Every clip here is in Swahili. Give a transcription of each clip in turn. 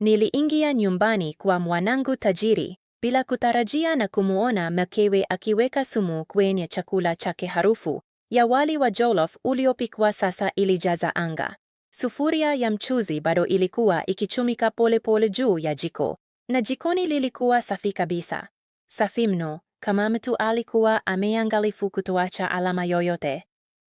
Niliingia nyumbani kwa mwanangu tajiri bila kutarajia na kumuona mkewe akiweka sumu kwenye chakula chake. Harufu ya wali wa jollof uliopikwa sasa ilijaza anga. Sufuria ya mchuzi bado ilikuwa ikichumika polepole juu ya jiko, na jikoni lilikuwa safi kabisa, safi mno, kama mtu alikuwa ameangalifu kutoacha alama yoyote.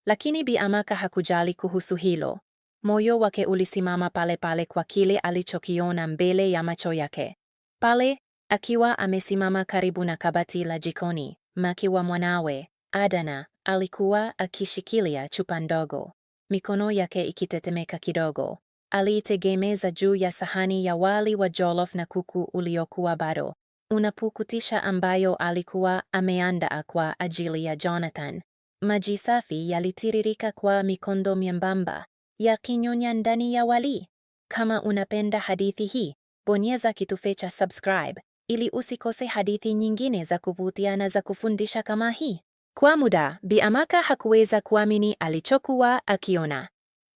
Lakini Bi Amaka hakujali kuhusu hilo. Moyo wake ulisimama pale pale kwa kile alichokiona mbele ya macho yake. Pale akiwa amesimama karibu na kabati la jikoni, Maki wa mwanawe Adana alikuwa akishikilia chupa ndogo, mikono yake ikitetemeka kidogo. Aliitegemeza juu ya sahani ya wali wa jollof na kuku uliokuwa bado unapukutisha, ambayo alikuwa ameandaa kwa ajili ya Jonathan. Maji safi yalitiririka kwa mikondo myembamba yakinyonya ndani ya walii. Kama unapenda hadithi hii, bonyeza kitufe cha subscribe ili usikose hadithi nyingine za kuvutia na za kufundisha kama hii. Kwa muda, Bi Amaka hakuweza kuamini alichokuwa akiona.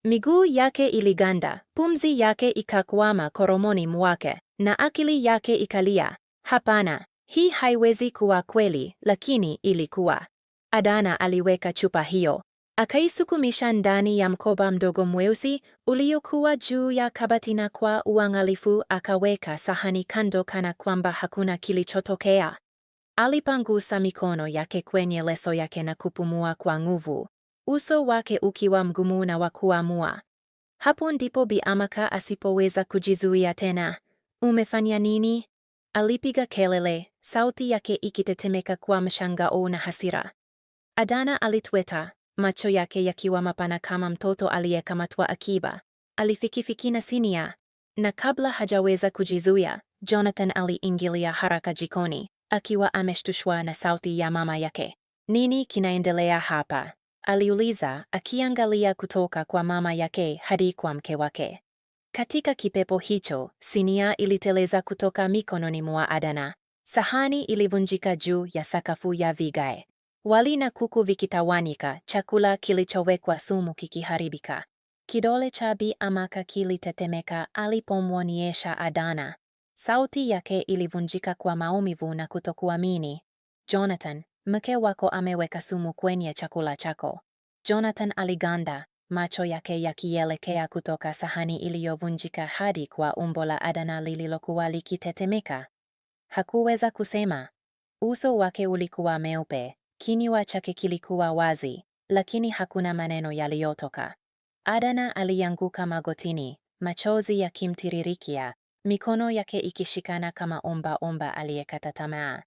Miguu yake iliganda, pumzi yake ikakwama koromoni mwake, na akili yake ikalia. Hapana, hii haiwezi kuwa kweli, lakini ilikuwa. Adana aliweka chupa hiyo akaisukumisha ndani ya mkoba mdogo mweusi uliokuwa juu ya kabati, na kwa uangalifu akaweka sahani kando, kana kwamba hakuna kilichotokea. Alipangusa mikono yake kwenye leso yake na kupumua kwa nguvu, uso wake ukiwa mgumu na wa kuamua. Hapo ndipo Bi Amaka asipoweza kujizuia tena. Umefanya nini? Alipiga kelele, sauti yake ikitetemeka kwa mshangao na hasira. Adana alitweta, macho yake yakiwa mapana kama mtoto aliyekamatwa akiba. Alifikifiki na sinia, na kabla hajaweza kujizuia, Jonathan aliingilia haraka jikoni, akiwa ameshtushwa na sauti ya mama yake. Nini kinaendelea hapa? aliuliza, akiangalia kutoka kwa mama yake hadi kwa mke wake. Katika kipepo hicho, sinia iliteleza kutoka mikononi mwa Adana. Sahani ilivunjika juu ya sakafu ya vigae, Wali na kuku vikitawanika, chakula kilichowekwa sumu kikiharibika. Kidole cha Bi Amaka kilitetemeka alipomwonyesha Adana. Sauti yake ilivunjika kwa maumivu na kutokuamini. Jonathan, mke wako ameweka sumu kwenye chakula chako. Jonathan aliganda, macho yake yakielekea kutoka sahani iliyovunjika hadi kwa umbo la Adana lililokuwa likitetemeka. Hakuweza kusema. Uso wake ulikuwa meupe, Kinywa chake kilikuwa wazi, lakini hakuna maneno yaliyotoka. Adana alianguka magotini, machozi yakimtiririkia, mikono yake ikishikana kama omba-omba aliyekata tamaa.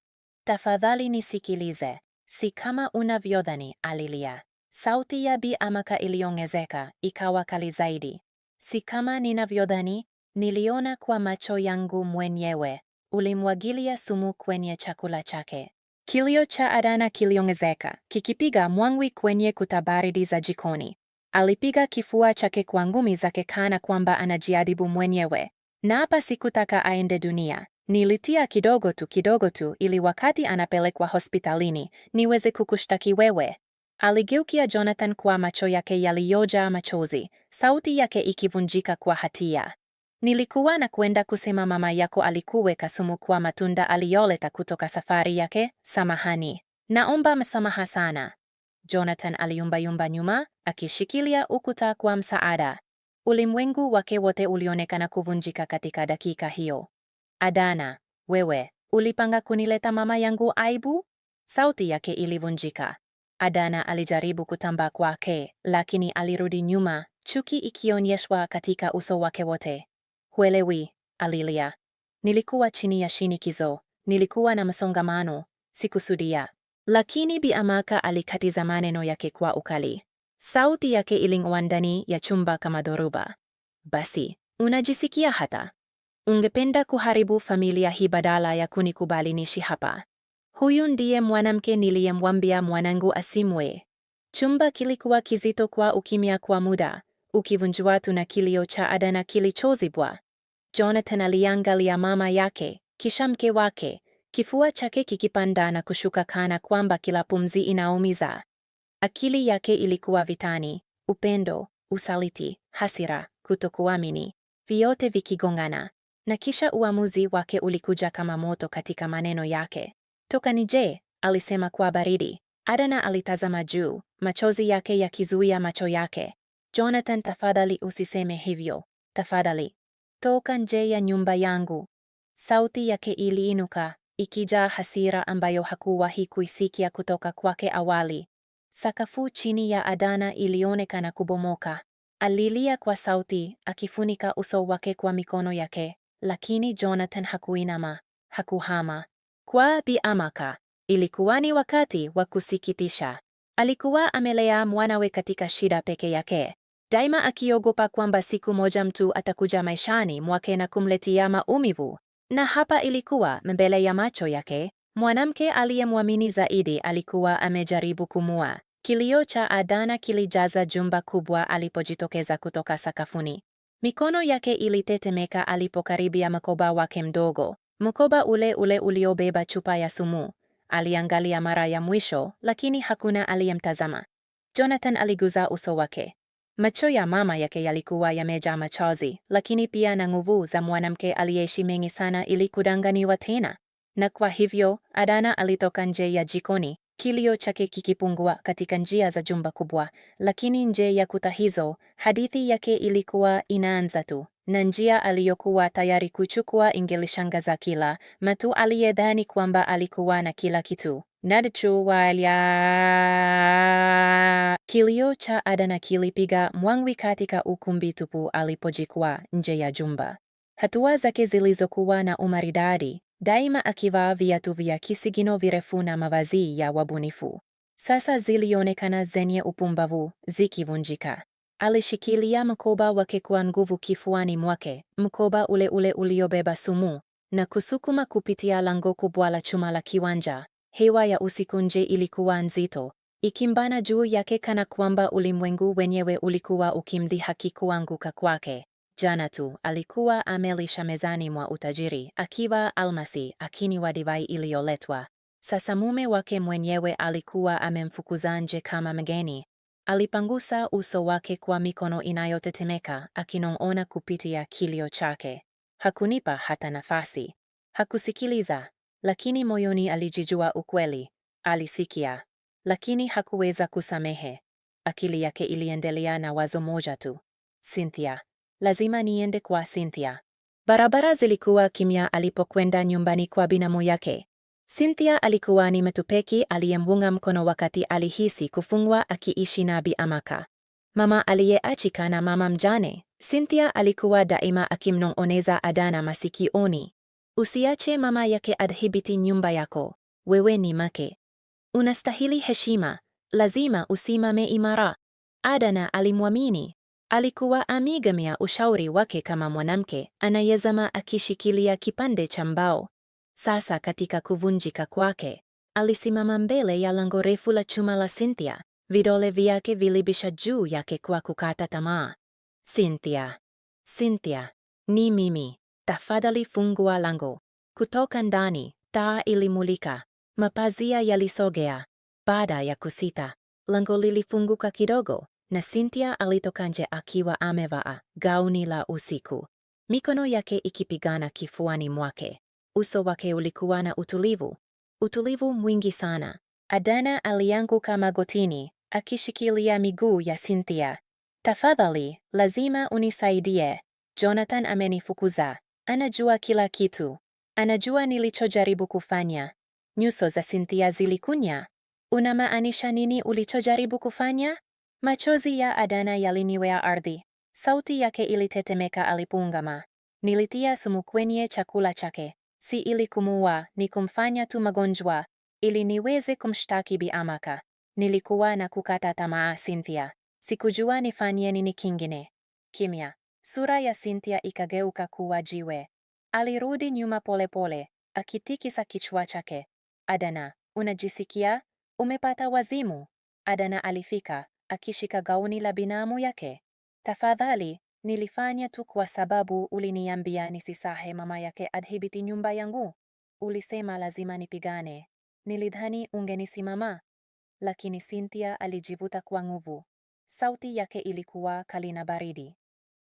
Tafadhali nisikilize, si kama unavyodhani, alilia. Sauti ya Bi Amaka iliongezeka, ikawa kali zaidi. Si kama ninavyodhani, niliona kwa macho yangu mwenyewe. Ulimwagilia sumu kwenye chakula chake, Kilio cha Adana kiliongezeka, kikipiga mwangwi kwenye kuta baridi za jikoni. Alipiga kifua chake kwa ngumi zake kana kwamba anajiadhibu mwenyewe. Na hapa sikutaka aende dunia. Nilitia kidogo tu kidogo tu ili wakati anapelekwa hospitalini niweze kukushtaki wewe. Aligeukia Jonathan kwa macho yake yaliyojaa machozi, sauti yake ikivunjika kwa hatia. Nilikuwa na kwenda kusema mama yako alikuweka sumu kwa matunda aliyoleta kutoka safari yake, samahani. Naomba msamaha sana. Jonathan aliyumbayumba nyuma, akishikilia ukuta kwa msaada. Ulimwengu wake wote ulionekana kuvunjika katika dakika hiyo. Adana, wewe, ulipanga kunileta mama yangu aibu? Sauti yake ilivunjika. Adana alijaribu kutamba kwake, lakini alirudi nyuma, chuki ikionyeshwa katika uso wake wote. Huelewi, alilia. Nilikuwa chini ya shinikizo, nilikuwa na msongamano, sikusudia. Lakini Bi Amaka alikatiza maneno yake kwa ukali. Sauti yake iling'oa ndani ya chumba kama dhoruba. Basi, unajisikia hata ungependa kuharibu familia hii badala ya kunikubali nishi hapa. Huyu ndiye mwanamke niliyemwambia mwanangu asimwe. Chumba kilikuwa kizito kwa ukimya kwa muda, ukivunjwa tu na kilio cha ada na kilichozibwa. Jonathan aliangalia mama yake, kisha mke wake, kifua chake kikipanda na kushuka kana kwamba kila pumzi inaumiza. Akili yake ilikuwa vitani: upendo, usaliti, hasira, kutokuamini, vyote vikigongana. Na kisha uamuzi wake ulikuja kama moto katika maneno yake. Toka je alisema kwa baridi. Adana alitazama juu, machozi yake yakizuia macho yake. Jonathan, tafadhali usiseme hivyo, tafadhali toka nje ya nyumba yangu. Sauti yake iliinuka, ikijaa hasira ambayo hakuwahi kuisikia kutoka kwake awali. Sakafu chini ya Adana ilionekana kubomoka. Alilia kwa sauti, akifunika uso wake kwa mikono yake, lakini Jonathan hakuinama, hakuhama. Kwa Bi Amaka, ilikuwa ni wakati wa kusikitisha. Alikuwa amelea mwanawe katika shida peke yake, daima akiogopa kwamba siku moja mtu atakuja maishani mwake na kumletia maumivu. Na hapa ilikuwa mbele ya macho yake. Mwanamke aliyemwamini zaidi alikuwa amejaribu kumua. Kilio cha Adana kilijaza jumba kubwa alipojitokeza kutoka sakafuni. Mikono yake ilitetemeka alipokaribia mkoba wake mdogo, mkoba ule ule uliobeba chupa ya sumu. Aliangalia mara ya mwisho, lakini hakuna aliyemtazama. Jonathan aliguza uso wake. Macho ya mama yake yalikuwa yamejaa machozi, lakini pia na nguvu za mwanamke aliyeishi mengi sana ili kudanganiwa tena. Na kwa hivyo Adana alitoka nje ya jikoni, kilio chake kikipungua katika njia za jumba kubwa, lakini nje ya kuta hizo hadithi yake ilikuwa inaanza tu na njia aliyokuwa tayari kuchukua ingelishangaza kila mtu aliyedhani kwamba alikuwa na kila kitu. Nadchuwalya. Kilio cha Adana kilipiga mwangwi katika ukumbi tupu alipojikwa nje ya jumba. Hatua zake zilizokuwa na umaridadi, daima akivaa viatu vya kisigino virefu na mavazi ya wabunifu, sasa zilionekana zenye upumbavu, zikivunjika. Alishikilia mkoba wake kwa nguvu kifuani mwake, mkoba ule ule uliobeba sumu, na kusukuma kupitia lango kubwa la chuma la kiwanja. Hewa ya usiku nje ilikuwa nzito, ikimbana juu yake kana kwamba ulimwengu wenyewe ulikuwa ukimdhihaki kuanguka kwake. Jana tu alikuwa amelisha mezani mwa utajiri, akiwa almasi, wa divai iliyoletwa. Sasa mume wake mwenyewe alikuwa amemfukuza nje kama mgeni, Alipangusa uso wake kwa mikono inayotetemeka, akinong'ona kupitia kilio chake. Hakunipa hata nafasi. Hakusikiliza, lakini moyoni alijijua ukweli. Alisikia, lakini hakuweza kusamehe. Akili yake iliendelea na wazo moja tu. Cynthia. Lazima niende kwa Cynthia. Barabara zilikuwa kimya alipokwenda nyumbani kwa binamu yake. Cynthia alikuwa ni metupeki aliyemwunga mkono wakati alihisi kufungwa akiishi na Bi Amaka, mama aliyeachika na mama mjane. Cynthia alikuwa daima akimnong'oneza Adana masikioni, usiache mama yake adhibiti nyumba yako, wewe ni make unastahili heshima, lazima usimame imara. Adana alimwamini. Alikuwa amigamia ushauri wake kama mwanamke anayezama akishikilia kipande cha mbao. Sasa katika kuvunjika kwake, alisimama mbele ya lango refu la chuma la Cynthia, vidole vyake vilibisha juu yake kwa kukata tamaa. Cynthia, Cynthia, ni mimi, tafadhali fungua lango. Kutoka ndani, taa ilimulika, mapazia yalisogea. Baada ya kusita, lango lilifunguka kidogo na Cynthia alitoka nje akiwa amevaa gauni la usiku, mikono yake ikipigana kifuani mwake. Uso wake ulikuwa na utulivu, utulivu mwingi sana. Adana alianguka magotini, akishikilia miguu ya Cynthia. Tafadhali, lazima unisaidie. Jonathan amenifukuza. Anajua kila kitu. Anajua nilichojaribu kufanya. Nyuso za Cynthia zilikunya. Unamaanisha nini ulichojaribu kufanya? Machozi ya Adana yaliniwea ardhi. Sauti yake ilitetemeka alipungama Nilitia sumu kwenye chakula chake si ili kumuua, ni kumfanya tu magonjwa, ili niweze kumshtaki Bi Amaka. Nilikuwa na kukata tamaa Cynthia, sikujua nifanye nini kingine. Kimya. Sura ya Cynthia ikageuka kuwa jiwe. Alirudi nyuma polepole akitikisa kichwa chake. Adana, unajisikia? Umepata wazimu? Adana alifika akishika gauni la binamu yake. Tafadhali, Nilifanya tu kwa sababu uliniambia nisisahe mama yake adhibiti nyumba yangu. Ulisema lazima nipigane. Nilidhani ungenisimama. Lakini Cynthia alijivuta kwa nguvu. Sauti yake ilikuwa kali na baridi.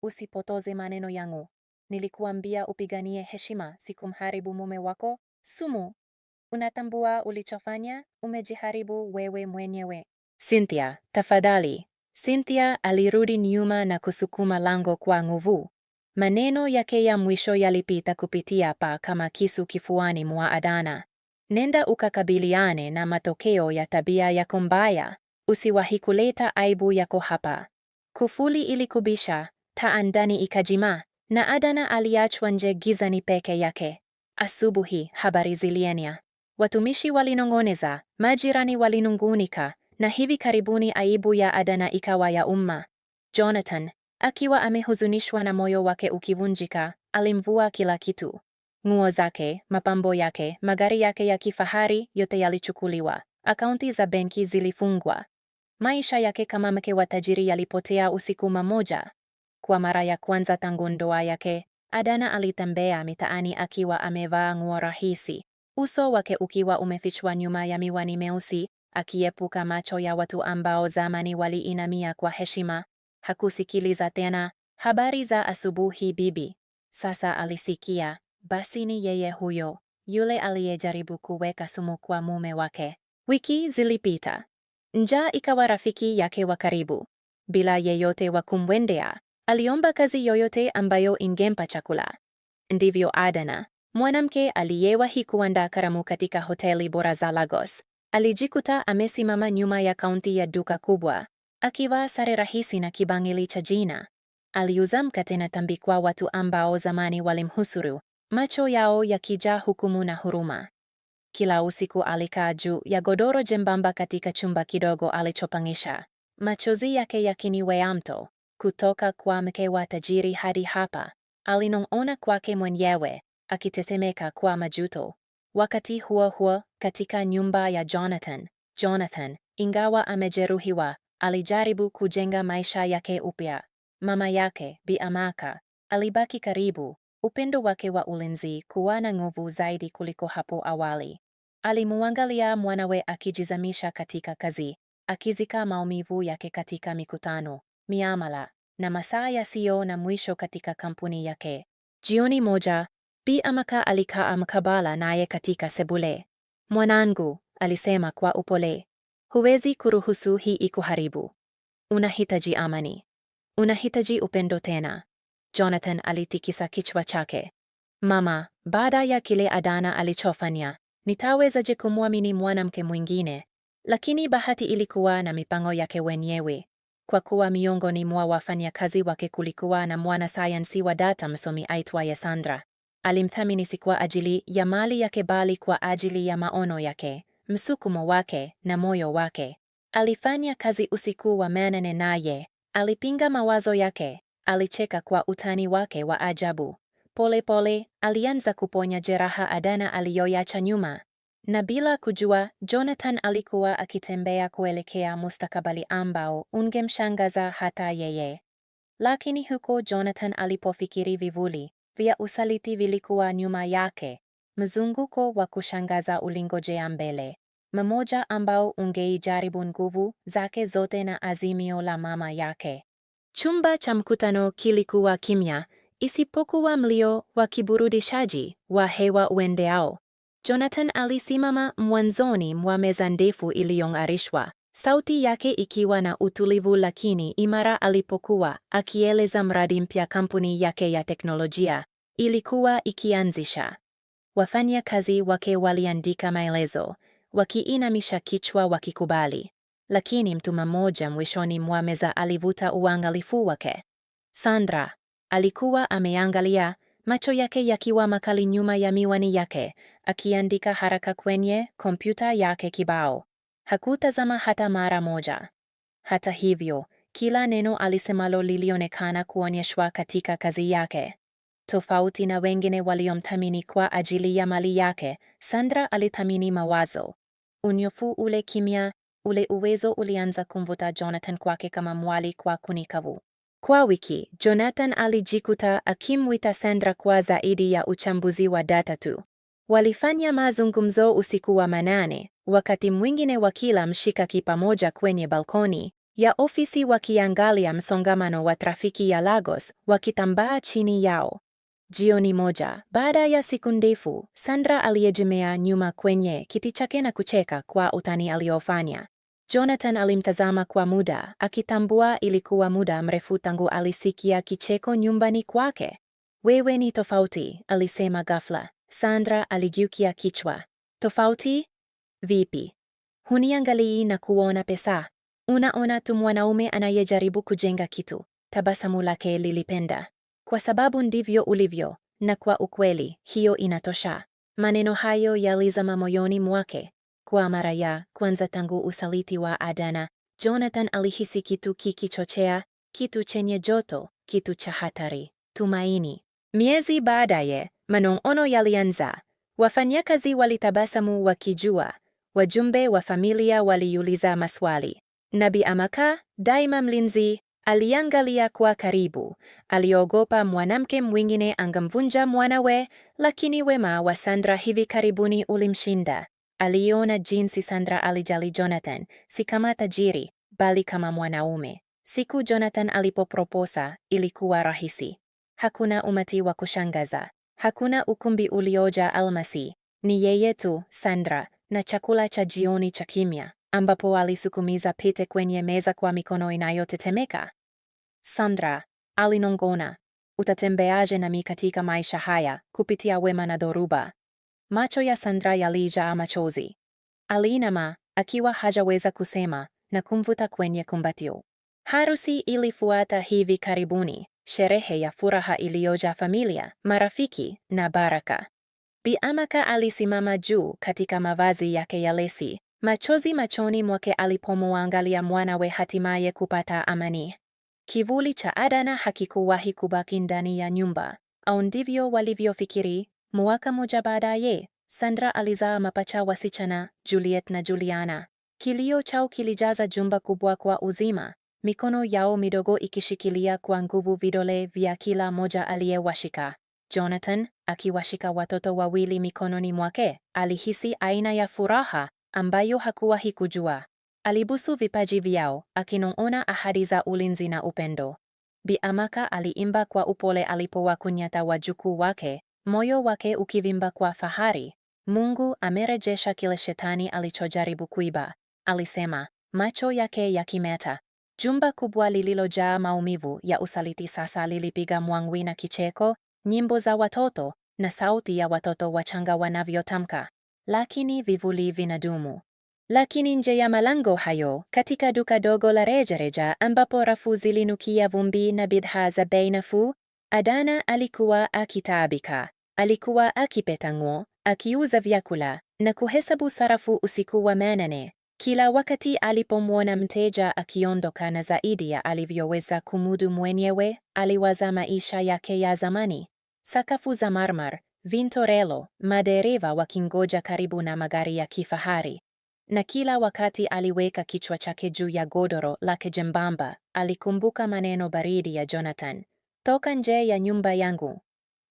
Usipotoze maneno yangu. Nilikuambia upiganie heshima, sikumharibu mume wako. Sumu. Unatambua ulichofanya? Umejiharibu wewe mwenyewe. Cynthia, tafadhali. Cynthia alirudi nyuma na kusukuma lango kwa nguvu. Maneno yake ya mwisho yalipita kupitia pa kama kisu kifuani mwa Adana. Nenda ukakabiliane na matokeo ya tabia yako mbaya, usiwahi kuleta aibu yako hapa. Kufuli ilikubisha, taa ndani ikajima, na Adana aliachwa nje gizani peke yake. Asubuhi habari zilienia watumishi walinong'oneza, majirani walinungunika, na hivi karibuni aibu ya Adana ikawa ya umma. Jonathan, akiwa amehuzunishwa na moyo wake ukivunjika, alimvua kila kitu. Nguo zake, mapambo yake, magari yake ya kifahari, yote yalichukuliwa. Akaunti za benki zilifungwa. Maisha yake kama mke wa tajiri yalipotea usiku mmoja. Kwa mara ya kwanza tangu ndoa yake, Adana alitembea mitaani akiwa amevaa nguo rahisi, uso wake ukiwa umefichwa nyuma ya miwani meusi akiepuka macho ya watu ambao zamani waliinamia kwa heshima. Hakusikiliza tena habari za asubuhi bibi. Sasa alisikia, basi ni yeye huyo, yule aliyejaribu kuweka sumu kwa mume wake. Wiki zilipita, njaa ikawa rafiki yake wa karibu. Bila yeyote wa kumwendea, aliomba kazi yoyote ambayo ingempa chakula. Ndivyo Adana, mwanamke aliyewahi kuandaa karamu katika hoteli bora za Lagos, Alijikuta amesimama nyuma ya kaunti ya duka kubwa akivaa sare rahisi na kibangili cha jina. Aliuza mkate na tambi kwa watu ambao zamani walimhusuru, macho yao yakijaa hukumu na huruma. Kila usiku alikaa juu ya godoro jembamba katika chumba kidogo alichopangisha, machozi yake yakiniwea mto. Kutoka kwa mke wa tajiri hadi hapa, alinong'ona kwake mwenyewe, akitetemeka kwa majuto. Wakati huo huo, katika nyumba ya Jonathan, Jonathan, ingawa amejeruhiwa, alijaribu kujenga maisha yake upya. Mama yake, Bi Amaka, alibaki karibu, upendo wake wa ulinzi kuwa na nguvu zaidi kuliko hapo awali. Alimwangalia mwanawe akijizamisha katika kazi, akizika maumivu yake katika mikutano, miamala na masaa yasiyo na mwisho katika kampuni yake. Jioni moja, Bi Amaka alikaa mkabala naye katika sebule. Mwanangu, alisema kwa upole, huwezi kuruhusu hii ikuharibu. Unahitaji amani, unahitaji upendo tena. Jonathan alitikisa kichwa chake. Mama, baada ya kile Adana alichofanya, nitawezaje kumwamini mwanamke mwingine? Lakini bahati ilikuwa na mipango yake wenyewe. Kwa kuwa miongoni mwa wafanyakazi wake kulikuwa na mwanasayansi wa data msomi aitwaye Sandra, alimthamini si kwa ajili ya mali yake bali kwa ajili ya maono yake, msukumo wake na moyo wake. Alifanya kazi usiku wa manane naye, alipinga mawazo yake, alicheka kwa utani wake wa ajabu. Polepole pole, alianza kuponya jeraha Adana aliyoyacha nyuma, na bila kujua Jonathan alikuwa akitembea kuelekea mustakabali ambao ungemshangaza hata yeye. Lakini huko Jonathan alipofikiri vivuli, vya usaliti vilikuwa nyuma yake, mzunguko wa kushangaza ulingojea mbele, mmoja ambao ungeijaribu nguvu zake zote na azimio la mama yake. Chumba cha mkutano kilikuwa kimya, isipokuwa mlio wa kiburudishaji wa hewa uendeao. Jonathan alisimama mwanzoni mwa meza ndefu iliyong'arishwa, sauti yake ikiwa na utulivu lakini imara alipokuwa akieleza mradi mpya kampuni yake ya teknolojia ilikuwa ikianzisha. Wafanyakazi wake waliandika maelezo, wakiinamisha kichwa wakikubali, lakini mtu mmoja mwishoni mwa meza alivuta uangalifu wake. Sandra alikuwa ameangalia, macho yake yakiwa makali nyuma ya miwani yake, akiandika haraka kwenye kompyuta yake kibao. Hakutazama hata mara moja. Hata hivyo, kila neno alisemalo lilionekana kuonyeshwa katika kazi yake. Tofauti na wengine waliomthamini kwa ajili ya mali yake, Sandra alithamini mawazo. Unyofu ule kimya, ule uwezo ulianza kumvuta Jonathan kwake kama mwali kwa kunikavu. Kwa wiki, Jonathan alijikuta akimwita Sandra kwa zaidi ya uchambuzi wa data tu. Walifanya mazungumzo usiku wa manane, wakati mwingine wakila mshika kipamoja kwenye balkoni ya ofisi wakiangalia msongamano wa trafiki ya Lagos wakitambaa chini yao. Jioni moja, baada ya siku ndefu, Sandra aliyejemea nyuma kwenye kiti chake na kucheka kwa utani aliofanya. Jonathan alimtazama kwa muda, akitambua ilikuwa muda mrefu tangu alisikia kicheko nyumbani kwake. Wewe ni tofauti, alisema ghafla. Sandra aligeukia kichwa. Tofauti vipi? Huniangalii na kuona pesa. Unaona tu mwanaume anayejaribu kujenga kitu. Tabasamu lake lilipenda. Kwa sababu ndivyo ulivyo, na kwa ukweli hiyo inatosha. Maneno hayo yalizama moyoni mwake. Kwa mara ya kwanza tangu usaliti wa Adana, Jonathan alihisi kitu kikichochea, kitu chenye joto, kitu cha hatari, tumaini. Miezi baadaye, Manong'ono yalianza. Wafanyakazi walitabasamu wakijua. Wajumbe wa familia waliuliza maswali. Nabi Amaka, daima mlinzi, aliangalia kwa karibu. Aliogopa mwanamke mwingine angamvunja mwanawe, lakini wema wa Sandra hivi karibuni ulimshinda. Aliona jinsi Sandra alijali Jonathan, si kama tajiri, bali kama mwanaume. Siku Jonathan alipoproposa, ilikuwa rahisi. Hakuna umati wa kushangaza. Hakuna ukumbi ulioja almasi, ni yeye tu, Sandra, na chakula cha jioni cha kimya, ambapo alisukumiza pete kwenye meza kwa mikono inayotetemeka. Sandra, alinong'ona, utatembeaje nami katika maisha haya, kupitia wema na dhoruba? Macho ya Sandra yalijaa machozi. Aliinama, akiwa hajaweza kusema, na kumvuta kwenye kumbatio. Harusi ilifuata hivi karibuni, sherehe ya furaha iliyojaa familia, marafiki na baraka. Bi Amaka alisimama juu katika mavazi yake ya lesi, machozi machoni mwake alipomwangalia mwanawe hatimaye kupata amani. Kivuli cha Adana hakikuwahi kubaki ndani ya nyumba, au ndivyo walivyofikiri. Mwaka moja baadaye, Sandra alizaa mapacha wasichana, Juliet na Juliana. Kilio chao kilijaza jumba kubwa kwa uzima, Mikono yao midogo ikishikilia kwa nguvu vidole vya kila moja aliyewashika. Jonathan, akiwashika watoto wawili mikononi mwake, alihisi aina ya furaha ambayo hakuwahi kujua. Alibusu vipaji vyao, akinong'ona ahadi za ulinzi na upendo. Bi Amaka aliimba kwa upole alipowakunyata wajukuu wake, moyo wake ukivimba kwa fahari. Mungu amerejesha kile shetani alichojaribu kuiba, alisema, macho yake yakimeta. Jumba kubwa lililojaa maumivu ya usaliti sasa lilipiga mwangwi na kicheko, nyimbo za watoto na sauti ya watoto wachanga wanavyotamka, lakini vivuli vinadumu. Lakini nje ya malango hayo, katika duka dogo la rejareja ambapo rafu zilinukia vumbi na bidhaa za bei nafuu, Adana alikuwa akitaabika. Alikuwa akipeta nguo, akiuza vyakula na kuhesabu sarafu usiku wa manane. Kila wakati alipomwona mteja akiondoka na zaidi ya alivyoweza kumudu mwenyewe, aliwaza maisha yake ya zamani: sakafu za marmar, vintorelo, madereva wakingoja karibu na magari ya kifahari. Na kila wakati aliweka kichwa chake juu ya godoro lake jembamba, alikumbuka maneno baridi ya Jonathan: toka nje ya nyumba yangu.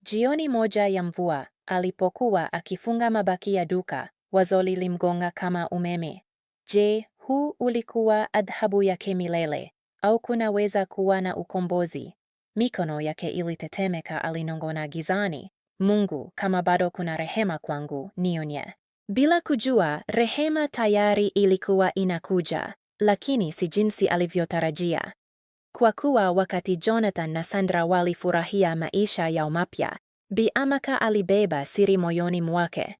Jioni moja ya mvua, alipokuwa akifunga mabaki ya duka, wazo lilimgonga kama umeme. Je, huu ulikuwa adhabu yake milele au kunaweza kuwa na ukombozi? Mikono yake ilitetemeka, alinong'ona gizani, Mungu, kama bado kuna rehema kwangu, nionye. Bila kujua, rehema tayari ilikuwa inakuja, lakini si jinsi alivyotarajia. Kwa kuwa wakati Jonathan na Sandra walifurahia maisha yao mapya, Bi Amaka alibeba siri moyoni mwake.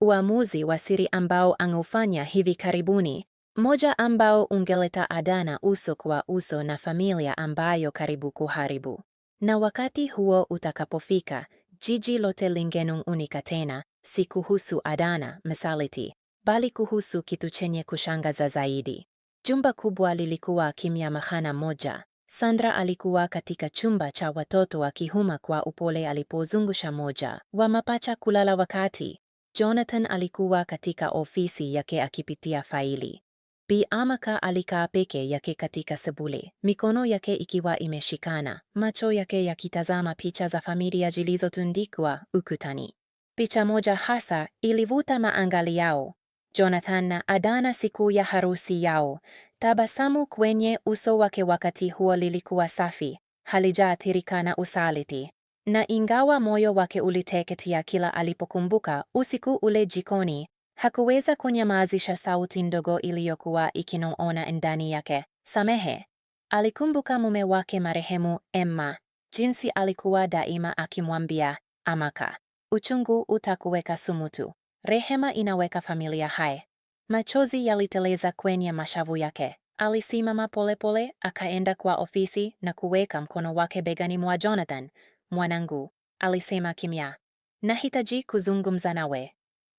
Uamuzi wa siri ambao angeufanya hivi karibuni, moja ambao ungeleta adana uso kwa uso na familia ambayo karibu kuharibu. Na wakati huo utakapofika, jiji lote lingenung'unika tena, si kuhusu adana msaliti, bali kuhusu kitu chenye kushangaza zaidi. Jumba kubwa lilikuwa kimya mahana moja. Sandra alikuwa katika chumba cha watoto akihuma kwa upole alipozungusha moja wa mapacha kulala wakati Jonathan alikuwa katika ofisi yake akipitia faili. Bi Amaka alikaa peke yake katika sebule, mikono yake ikiwa imeshikana, macho yake yakitazama picha za familia zilizotundikwa ukutani. Picha moja hasa ilivuta maangali yao, Jonathan na Adana siku ya harusi yao. Tabasamu kwenye uso wake wakati huo lilikuwa safi, halijaathirika na usaliti. Na ingawa moyo wake uliteketia kila alipokumbuka usiku ule jikoni, hakuweza kunyamazisha sauti ndogo iliyokuwa ikinong'ona ndani yake, samehe. Alikumbuka mume wake marehemu Emma, jinsi alikuwa daima akimwambia Amaka, uchungu utakuweka sumutu, rehema inaweka familia hai. Machozi yaliteleza kwenye mashavu yake. Alisimama polepole, akaenda kwa ofisi na kuweka mkono wake begani mwa Jonathan mwanangu, alisema kimya, nahitaji kuzungumza nawe.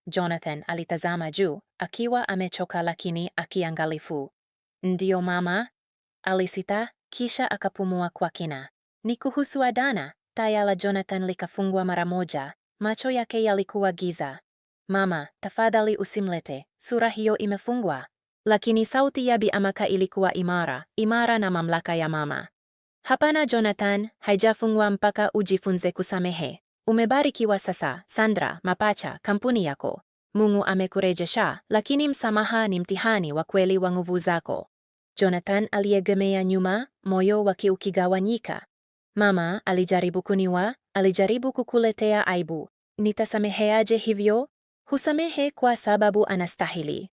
Jonathan alitazama juu akiwa amechoka lakini akiangalifu. Ndiyo mama, alisita, kisha akapumua kwa kina. Ni kuhusu Adana. Taya la Jonathan likafungwa mara moja, macho yake yalikuwa giza. Mama, tafadhali usimlete, sura hiyo imefungwa. Lakini sauti ya Bi Amaka ilikuwa imara, imara na mamlaka ya mama. Hapana Jonathan, haijafungwa mpaka ujifunze kusamehe. Umebarikiwa sasa, Sandra mapacha, kampuni yako. Mungu amekurejesha, lakini msamaha ni mtihani wa kweli wa nguvu zako. Jonathan aliegemea nyuma, moyo wake ukigawanyika. Mama alijaribu kuniwa, alijaribu kukuletea aibu. Nitasameheaje hivyo? Husamehe kwa sababu anastahili,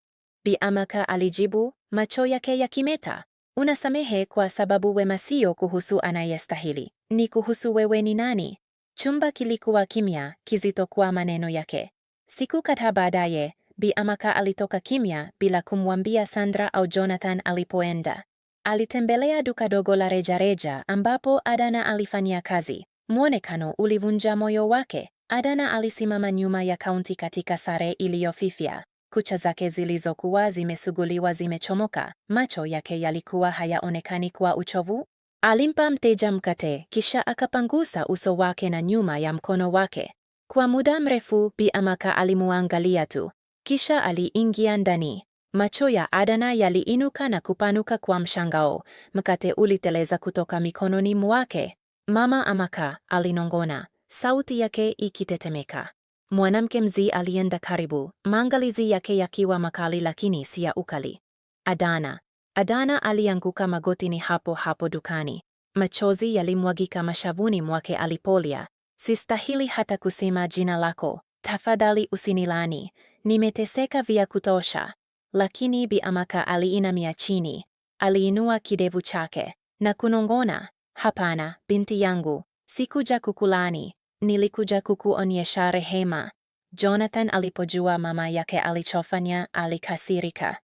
Bi Amaka alijibu, macho yake yakimeta. Unasamehe kwa sababu wema sio kuhusu anayestahili, ni kuhusu wewe ni nani. Chumba kilikuwa kimya, kizito kwa maneno yake. Siku kadhaa baadaye, Bi Amaka alitoka kimya bila kumwambia Sandra au Jonathan alipoenda. Alitembelea duka dogo la rejareja ambapo Adana alifanya kazi. Mwonekano ulivunja moyo wake. Adana alisimama nyuma ya kaunti katika sare iliyofifia kucha zake zilizokuwa zimesuguliwa zimechomoka, macho yake yalikuwa hayaonekani kwa uchovu. Alimpa mteja mkate, kisha akapangusa uso wake na nyuma ya mkono wake. Kwa muda mrefu Bi Amaka alimuangalia tu, kisha aliingia ndani. Macho ya Adana yaliinuka na kupanuka kwa mshangao. Mkate uliteleza kutoka mikononi mwake. Mama Amaka, alinong'ona, sauti yake ikitetemeka. Mwanamke mzee alienda karibu, maangalizi yake yakiwa makali lakini si ya ukali. Adana. Adana alianguka magotini hapo hapo dukani. Machozi yalimwagika mashavuni mwake alipolia. Sistahili hata kusema jina lako. Tafadhali usinilani. Nimeteseka vya kutosha. Lakini Bi Amaka aliinamia chini. Aliinua kidevu chake na kunong'ona, hapana, binti yangu, sikuja kukulani. Nilikuja kukuonyesha rehema. Jonathan alipojua mama yake alichofanya, alikasirika.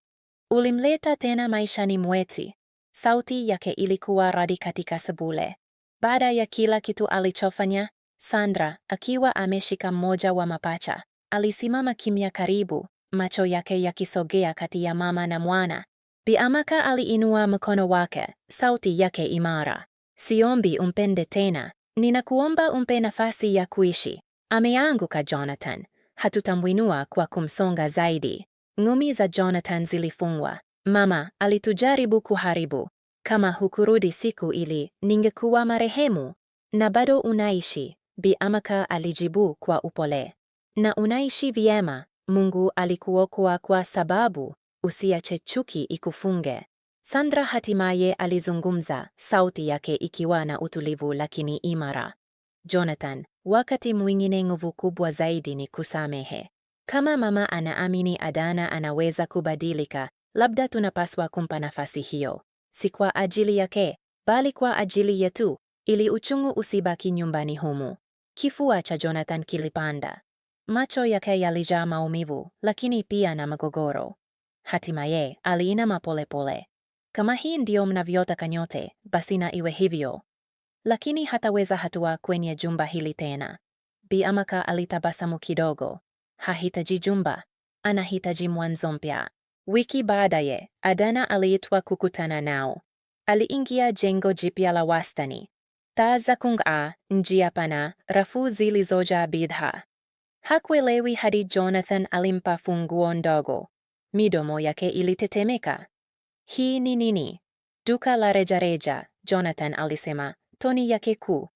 Ulimleta tena maishani mwetu. Sauti yake ilikuwa radi katika sebule. Baada ya kila kitu alichofanya, Sandra, akiwa ameshika mmoja wa mapacha, alisimama kimya karibu, macho yake yakisogea kati ya mama na mwana. Bi Amaka aliinua mkono wake, sauti yake imara. Siombi umpende tena, Ninakuomba umpe nafasi ya kuishi. Ameanguka Jonathan, hatutamwinua kwa kumsonga zaidi. Ngumi za Jonathan zilifungwa. Mama alitujaribu kuharibu. Kama hukurudi siku ili, ningekuwa marehemu. Na bado unaishi, Bi Amaka alijibu kwa upole. Na unaishi vyema. Mungu alikuokoa kwa sababu, usiache chuki ikufunge. Sandra hatimaye alizungumza, sauti yake ikiwa na utulivu lakini imara. Jonathan, wakati mwingine nguvu kubwa zaidi ni kusamehe. Kama mama anaamini Adana anaweza kubadilika, labda tunapaswa kumpa nafasi hiyo, si kwa ajili yake, bali kwa ajili yetu, ili uchungu usibaki nyumbani humu. Kifua cha Jonathan kilipanda, macho yake yalijaa maumivu, lakini pia na magogoro. Hatimaye aliinama polepole, kama hii ndio mnavyotaka nyote, basi na iwe hivyo. Lakini hataweza hatua kwenye jumba hili tena. Bi Amaka alitabasamu kidogo. Hahitaji jumba, anahitaji mwanzo mpya. Wiki baadaye, Adana aliitwa kukutana nao. Aliingia jengo jipya la wastani, taa za kung'aa, njia pana, rafu zilizojaa bidha Hakuelewi hadi Jonathan alimpa funguo ndogo. Midomo yake ilitetemeka. Hii ni nini? Duka la rejareja, Jonathan alisema, toni yake kuu